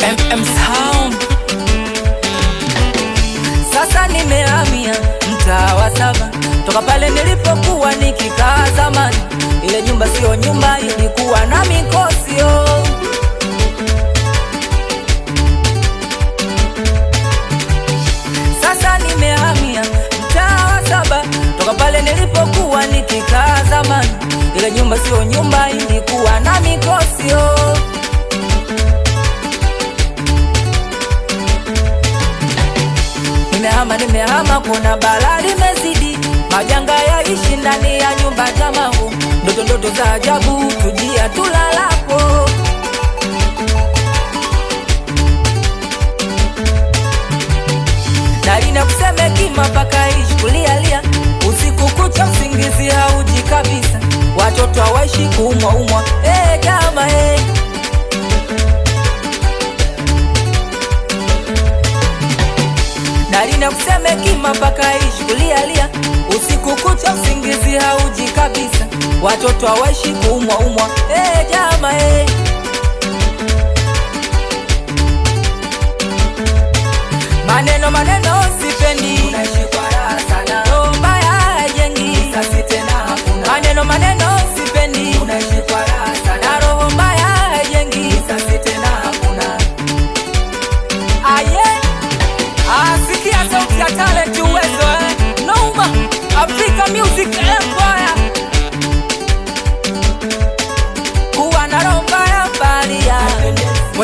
MM Sound. Sasa nimehamia mtaa wa saba toka pale nilipokuwa nikikaa zamani. Ile nyumba siyo nyumba, ilikuwa na mikosio. nilipokuwa nikikaa zamani. Ile nyumba nyumba, ilikuwa na mikosio mama, nimehama, kuna balaa limezidi, majanga ishi ndani ya nyumba jamau, ndoto ndoto za ajabu tujia tulalapo dalina kuseme kima paka ishi kulialia usiku kucha, usingizi hauji kabisa, watoto hawaishi umwa. hey. na kuseme kima mpaka ishi usiku kucha, usingizi hauji kabisa, watoto hawaishi kuumwaumwa. Hey, eh, jama hey. Eh.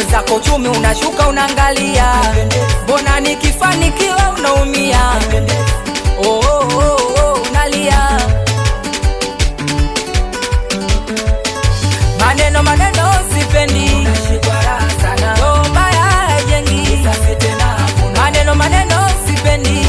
wenzako uchumi unashuka, unaangalia mbona nikifanikiwa unaumia, oh, oh, oh, oh unalia maneno maneno, sipendi roho maneno maneno, sipendi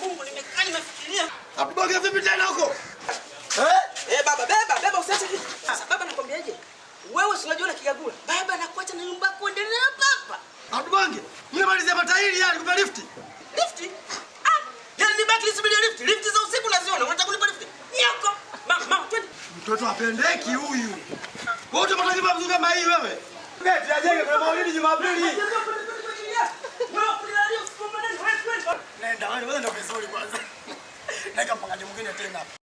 Mungu nimekaa nimefikiria. Atuboga vipi tena huko? Eh? Eh, baba beba beba usiache kitu. Sasa baba nakwambiaje? Wewe si unajua na kigagula. Baba nakuacha na nyumba yako endelea papa. Atuboge. Mimi malizia matairi yani kupa lifti. Lifti? Ah. Yani nibaki nisubiri lifti. Lifti za usiku naziona. Unataka kunipa lifti? Yako. Mama, mama twende. Mtoto apendeki huyu. Wote mtakipa mzungu kama hii wewe. Ngeti ajenge kwa maulidi Jumapili. Nagang pangalimong gini, tinap.